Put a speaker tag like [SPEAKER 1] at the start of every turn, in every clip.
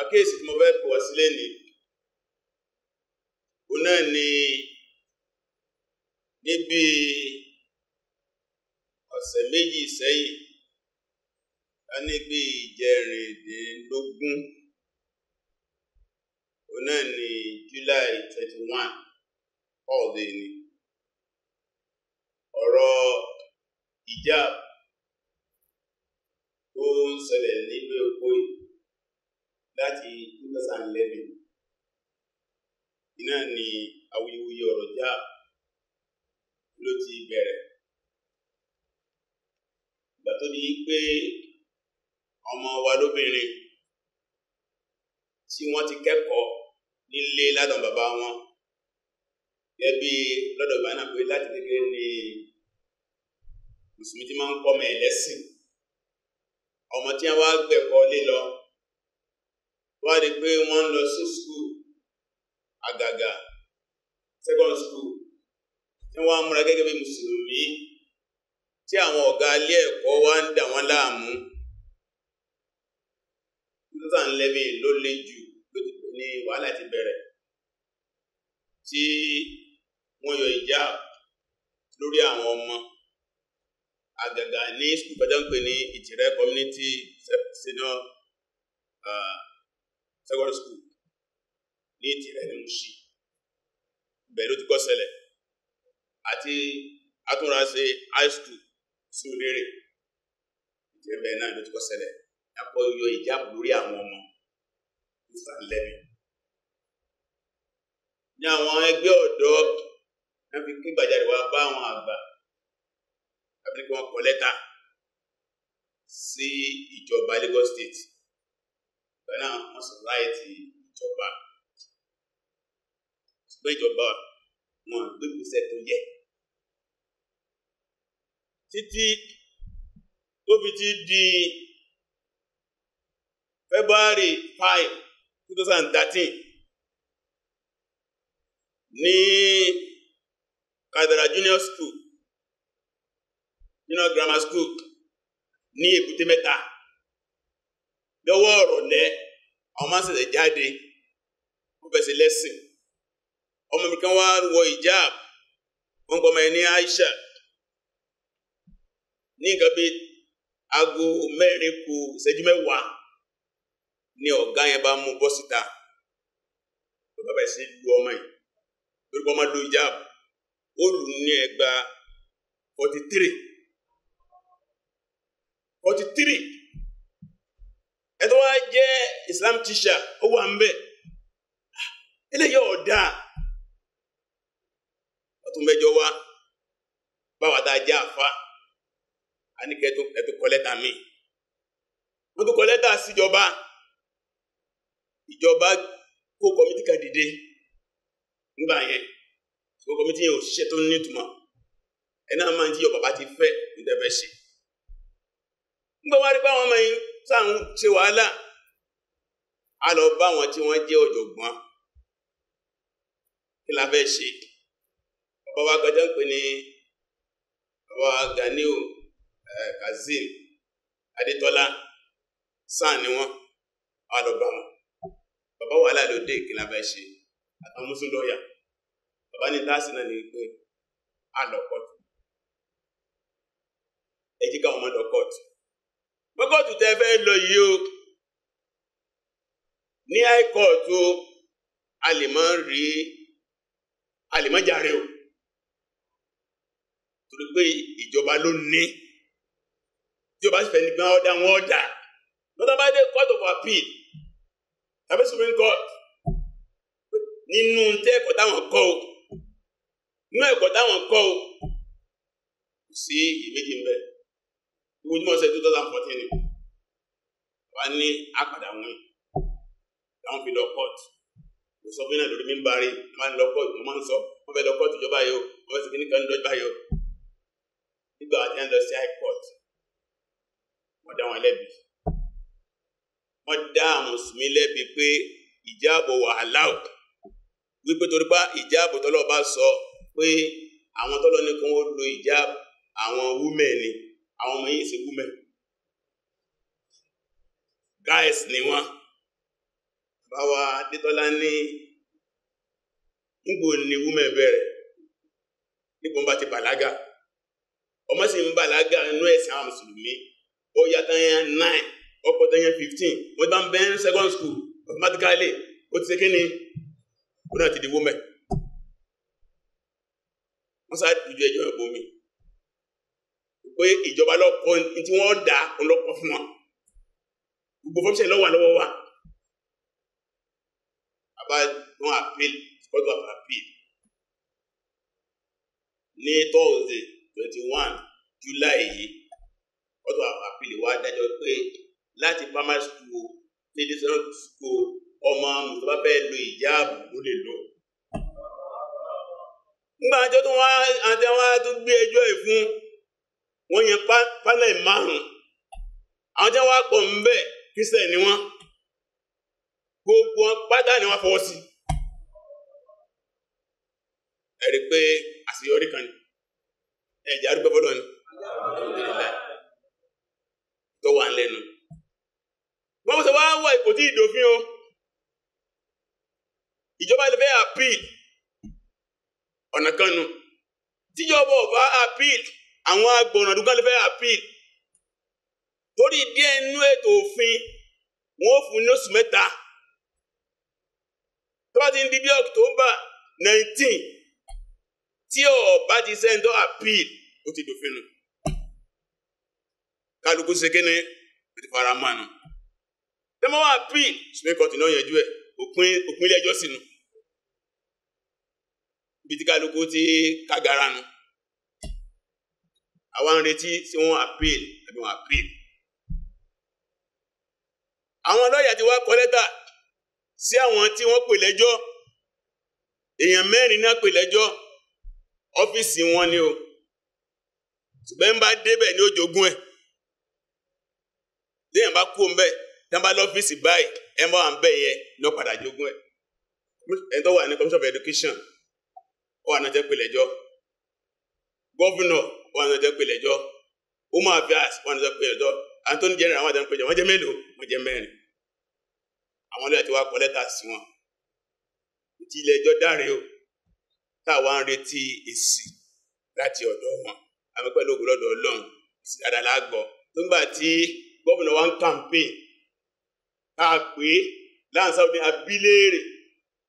[SPEAKER 1] àkéèsì tí mo fẹ́ pè wá sílé ní òun náà ni níbi ọ̀sẹ̀ méjì sẹ́yìn a níbi ìjẹrìndínlógún òun náà ni July 21 holiday ni ọ̀rọ̀ ìjà tó ń ṣẹlẹ̀ nílé òpó yìí láti 2011 iná ni awuyewuye ọ̀rọ̀ já ló ti bẹ̀rẹ̀ ìgbà tó di pé ọmọ wa lóbìnrin tí wọ́n ti kẹ́kọ̀ọ́ nílé ládàn bàbá wọn gẹ́bí lọ́dọ̀ bá náà pé láti kékeré ni mùsùlùmí ti máa ń kọ́ mẹ́ ọmọ tí wọ́n wá gbẹ̀kọ́ lé lọ wọ́n di pé wọ́n lọ sí skul àgàgà second school tí wọ́n múra gẹ́gẹ́ bí mùsùlùmí tí àwọn ọ̀gá ilé ẹ̀kọ́ wá ń dà wọ́n láàmú susan levy ló lé jù ní wàhálà ti bẹ̀rẹ̀ tí wọ́n yọ ìjà lórí àwọn ọmọ àgàgà ní skul pẹ̀lú pé ní ìtìrẹ́ community senior uh, secondary school ní tirẹ̀ ní Muṣin bẹ́ẹ̀ ló ti kọ́ sẹlẹ̀ àti atúnránṣẹ́ high school sí olérè ìjẹ́ bẹ́ẹ̀ náà ló ti kọ́ sẹlẹ̀ ẹ̀kọ́ yọ ìjáàbù lórí àwọn ọmọ ìfà lẹ́nu ní àwọn ẹgbẹ́ ọ̀dọ́ náà fi kí gbàjáde wá bá àwọn àgbà tàbí kí wọ́n kọ lẹ́tà sí ìjọba Lagos State pẹ̀lú àwọn ọmọ sọláìtì ìjọba ṣùgbọ́n ìjọba wọn gbégbèsè tó yẹ títí tó fi ti di February five two thousand thirteen ní Kadara Junior School Junior Grammar School ní Èkúté Mẹ́ta. lọ́wọ́ ọ̀rọ̀lẹ́ àwọn máa ń ṣẹ̀ṣẹ̀ jáde wọ́n fẹsẹ̀ lẹ́sìn kan wá wọ hijab wọ́n gbọ́mọ ní Aisha ní nǹkan bíi aago mẹ́rin kù ìṣẹ́jú ni ọ̀gá yẹn bá mú bọ́ síta bá lu ọmọ yìí lórí ẹ tó wá islam Tisha o wà ń bẹ̀ eléyìí ọ̀dà ọtún mẹ́jọ wá báwa tá a jẹ́ àfa a ní kẹ́ ẹ tó kọ lẹ́tà mi wọ́n tó kọ lẹ́tà síjọba ìjọba kó kọ́mítì kan dìde nígbà yẹn kó kọ́mítì yẹn ò ṣiṣẹ́ tó nítumọ̀ ẹ náà máa ń jíyọ bàbá ti fẹ́ ìdẹ́fẹ́ ṣe nígbà wá rí pé àwọn ọmọ yìí sáà ń ṣe wàhálà a lọ bá wọn tí wọ́n jẹ́ ọ̀jọ̀gbọ́n kí la fẹ́ ṣe bàbá wa gbọ́dọ̀ ń pè ní bàbá wa Ganiu Kazeem Adétọ́lá sáà ni wọ́n a lọ bá wọn bàbá wàhálà ló dé kí la fẹ́ ṣe àtàwọn mùsùlùmí lọ́ọ̀yà bàbá ní dáàsì náà ní pé a lọ kọ́ọ̀tù ẹ jí káwọn ọmọdé kọ́ọ̀tù pé kóòtù tẹ fẹ́ lọ yìí o ní high court o a lè mọ́ rí a lè mọ́ jàre o torí pé ìjọba ló ní ìjọba sì fẹ́ ní gbọ́n ọ̀dà wọn ọ̀dà lọ́dọ̀ bá dé court of appeal tàbí supreme court nínú tẹ́ ẹ̀kọ́ táwọn kọ́ o nínú ẹ̀kọ́ táwọn kọ́ o kò sí iyèméjì ń bẹ́ẹ̀ ojúmọ́ ṣe two thousand fourteen ni wà ní àpàdà wọn làwọn fi lọ court kò sọ fún yín náà lórí mímbà rí máa ń lọ court mo máa ń sọ wọn fẹ́ lọ court ìjọba yìí o wọn fẹ́ sìnkí nìkan lọ́jọ́ yìí o nígbà àti ẹ̀ lọ sí high court wọ́n dá wọn lẹ́bi wọ́n dá mùsùlùmí lẹ́bi pé ìjáàbò wà aláwọ̀ wípé torí bá ìjáàbò tọ́lọ́ bá sọ pé àwọn tọ́lọ́ ní kí wọ́n lo ìjáàbò àwọn wúmẹ̀ ni àwọn ọmọ yìí ṣe gúnmẹ̀ guys ni wọ́n báwa adétọ́lá ní nígbò ni women bẹ̀rẹ̀ nígbò bá ti bàlágà ọmọ sì ń bàlágà inú ẹ̀sìn àwọn mùsùlùmí ó yá tányá nine ọkọ̀ tányá fifteen wọ́n bá ń bẹ́ ní second school automatically ó ti ṣe kí ni ó náà ti di women wọ́n sáré ìjọ ẹjọ́ ẹ̀bùn pé ìjọba lọ́kọ́ tí wọ́n dá ọlọ́kọ́ fún wọn gbogbo fọ́nṣẹ́ lọ́wọ́ lọ́wọ́ wa bàbá wọn appeal court of appeal ní thursday twenty one july yìí court of appeal wá dájọ́ pé láti primary school ní district school ọmọ mùsùlùmá fẹ́ lo ìjáàbù ló lè lọ nígbà tó tún wá àti àwọn tó gbé ẹjọ́ ẹ̀ fún wọ́n pale panel márùn-ún àwọn tí ni wọ́n gbogbo pátá ni wọ́n fọwọ́ sí pé àṣeyọrí kan ni arúgbó fọlọ́ ni tó wà lẹ́nu wọ́n sọ wá tí ì dòfin o ìjọba appeal ọ̀nà kan nu tíjọba ọba appeal. àwọn agbọ̀nà dúgbọ́n lè fẹ́ appeal torí díẹ̀ nínú ètò òfin wọn ò fún ní oṣù mẹ́ta tó bá ti ń di bí October nineteen tí ọba ti sẹ́ńtọ́ appeal ó ti dòfin nù kálukú ṣe kéne ó ti fara mọ́ àná tẹ́mọ́ wá appeal Supreme Court náà yanjú ẹ̀ òpin òpin ilé ẹjọ́ sínú ibi tí kálukú ti kágara nù. No àwa ń retí sí wọn appeal àbí wọn appeal. àwọn lọ́ọ̀yà ti wá kọ lẹ́tà sí àwọn tí wọ́n pè lẹ́jọ́ èèyàn mẹ́rin náà pè lẹ́jọ́ ọ́fíìsì wọn ni o ṣùgbọ́n ń bá débẹ̀ ní ojogún ẹ̀ téèyàn bá kú mbẹ́ tán bá lọ́fíìsì báyìí ẹ̀ ń bá wà ń bẹ̀ yẹ lọ́ padà jogún ẹ̀ ẹ̀ tó wà ní commission of education ó wà náà jẹ́ pè lẹ́jọ́ gọ́vùnọ̀ wọn àti ọjọ́ pèlè ẹjọ́ umar abias wọn àti ọjọ́ pèlè ẹjọ́ antony general wọn àti ọjọ́ wọn jẹ́ mélòó wọn jẹ́ mẹ́rin àwọn olóyè àti wàá kọ lẹ́tà sí wọn ti ilé dáre o táwa ń retí èsì láti ọ̀dọ̀ wọn àmì pẹ̀lú ògùn lọ́dọ̀ ọlọ́run èsì dáadáa lágbọ̀ tó ń gbà tí gómìnà wa ń campaign ká pé láǹsá òde abíléèrè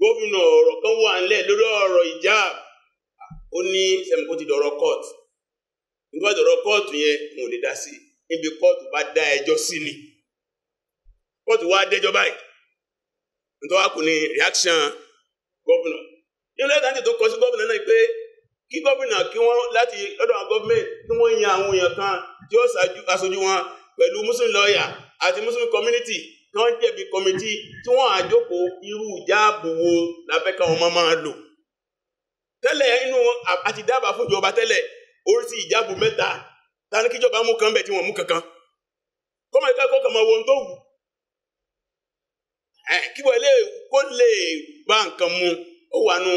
[SPEAKER 1] gómìnà ọ̀rọ̀ kan wà ńlẹ̀ lórí ọ̀rọ̀ ìjáàb ó ní sẹ́mi ti dọ̀rọ̀ court irú ọ̀dọ̀rọ̀ kóòtù yẹn wọn ò lè dá sí níbi kóòtù bá dá ẹjọ́ sí ni kóòtù wá dẹjọ́ báyìí nítorí wá kù ní reaction gómìnà ní tó kọ sí gómìnà náà pé kí gómìnà kí wọ́n láti ọ̀dọ̀ àwọn kí wọ́n yan kan tí ó aṣojú wọn pẹ̀lú muslim lawyer àti muslim community tí wọ́n jẹ̀bi tí wọ́n irú ìjáàbò wo làbẹ́ka wọn máa lò tẹ́lẹ̀ inú fún ìjọba orisi ìjábù mẹ́ta ta kíjọba mú kan bẹ̀ tí wọ́n mú kankan kọ́mọ ìkẹ́kọ̀ọ́ kan máa wo tó wù kíbọ̀ ilé mu ó wà nù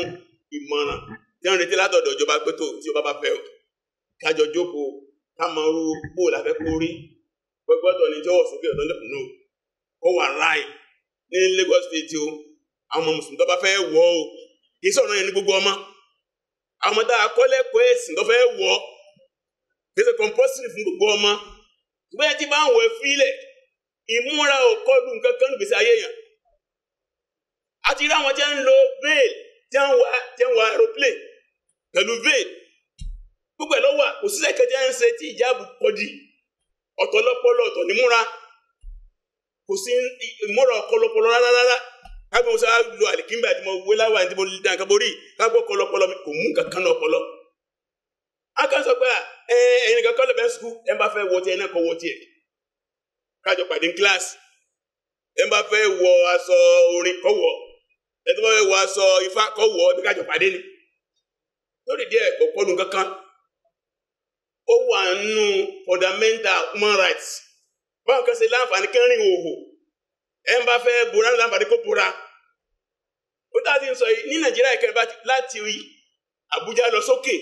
[SPEAKER 1] ìmọ̀ràn tí wọ́n retí látọ̀dọ̀ ìjọba pé tó ọba bá o kájọ jókòó ká ru bó làfẹ́ kó rí sókè lẹ́kùn náà Lagos State o àwọn mùsùlùmí tó bá fẹ́ wọ̀ o kì í sọ̀rọ̀ yẹn ní amada akọ́lẹ́kọ̀ọ́ ẹ̀sìn tó fẹ́ wɔ gbèsè compulsory fún gbogbo ọmọ bẹ́ẹ̀ tí bá ń wọ̀ fílẹ̀ ìmúra ò kọlù nǹkan kan gbèsè ayé yàn lo veil ti aeroplane pẹ̀lú veil gbogbo ẹ̀ ló kò síṣẹ́ kẹjẹ ìjáàbù kò kápẹ́ mo sábà lo àlìkínbà tí mo wé láwà tí mo dá nǹkan borí kápẹ́ ọpọlọpọlọ mi kò mú nǹkan náà kọlọ a kan sọ pé ẹ ẹyin nìkan kọ́ lẹ́bẹ̀ẹ́ sukú ẹ bá fẹ́ wọ tiẹ̀ náà kọ́ wọ tiẹ̀ kájọ pàdé ní kíláàsì ẹ bá fẹ́ wọ aṣọ orin kọ́ wọ ẹ tó bá fẹ́ wọ aṣọ ifá kọ́ wọ ẹ bí kájọ pàdé ni lórí díẹ̀ kò kọ́ nu kankan ó wà nínú fundamental human rights báwọn kan ṣe láǹfààní kẹrin òhò ẹ bá fẹ́ bora láǹfààní kó bora ó tá a ti ń sọ yìí ní nàìjíríà ìkẹrẹ láti rí àbújá lọ sókè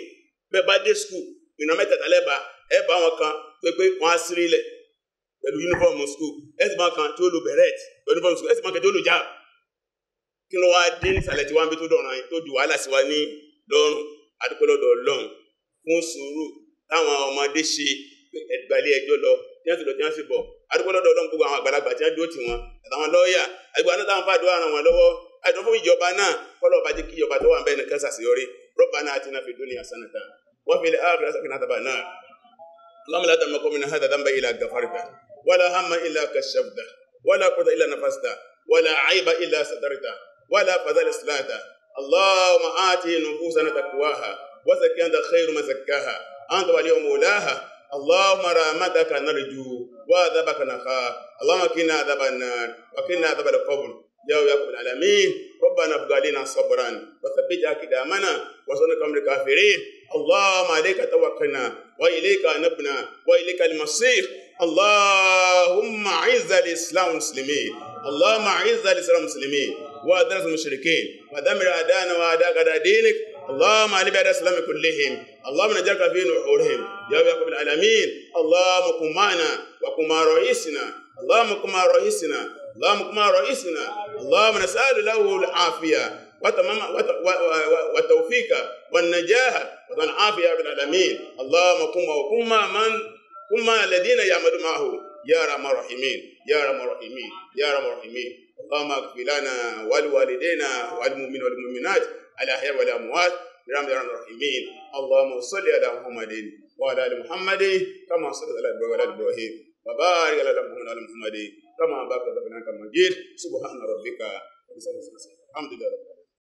[SPEAKER 1] bẹ́ẹ̀ bá dé skul ìnà mẹ́tẹ̀ẹ̀ta lẹ́ba ẹ bá wọn kan pépé wọn á sírí lẹ̀ pẹ̀lú yunifọ́ọ̀mù skul ẹ sì bá kan tó lu bẹ̀rẹ̀t pẹ̀lú yunifọ́ọ̀mù skul ẹ sì bá kan tó lu jáàb kí ló wáá dé nísàlẹ̀ tí wọ́n á bí tó dọ̀ràn yìí tó di wàhálà sí wa ní lọ́rùn àdúpẹ́ lọ́dọ̀ fún sùúrù táwọn ọmọdé ṣe ẹgbàlẹ́ ẹjọ́ lọ tí lọ tí wọ́n sì bọ̀ gbogbo àwọn àgbàlagbà tí wọ́n dúró tì wọ́n àtàwọn lọ́ọ̀yà àgbà náà táwọn fàdúrà ràn wọ́n lọ́wọ́ ẹ̀dọ́ fún ìjọba náà kọ́lọ̀ ọba jẹ́ kí ìjọba tó wà ń bẹ́ẹ̀ nìkan ṣàṣeyọrí Rabbana atina fid dunya hasanatan wa fil akhirati hasanatan bá náà اللهم لا دم من هذا ذنب إلا غفرته ولا هم إلا كشفته ولا قوة إلا نفسته ولا عيب إلا سترته ولا فضل صلاته اللهم آت نفوسنا تقواها وزكي أنت خير من زكاها أنت ولي مولاها اللهم رحمتك نرجو وعذابك نخاف اللهم كنا عذاب النار وكنا عذاب القبر يا رب العالمين ربنا ابقى لنا صبرا وثبت اقدامنا وصلنا كم الكافرين اللهم عليك توكلنا واليك انبنا واليك المصير اللهم اعز الاسلام والمسلمين اللهم اعز الاسلام والمسلمين واذل المشركين ودمر اعداءنا واعداء دينك اللهم علي بعد السلام كلهم اللهم نجاك في نحورهم يا رب العالمين اللهم كن معنا وكن مع رئيسنا اللهم كن مع رئيسنا اللهم كما رئيسنا اللهم نسأل له العافية وتوفيق والنجاح والعافية يا رب العالمين اللهم قم وقم من قم الذين يعملون معه يا رحم الراحمين يا رحم الراحمين يا رحم الراحمين اللهم اغفر لنا ولوالدينا والمؤمنين والمؤمنات الاحياء والاموات برحمة الرحمن الرحيمين اللهم صل على محمد وعلى ال محمد كما صليت على ابراهيم وبارك على محمد وعلى محمد كما باركت على محمد مجيد سبحان ربك الحمد لله رب العالمين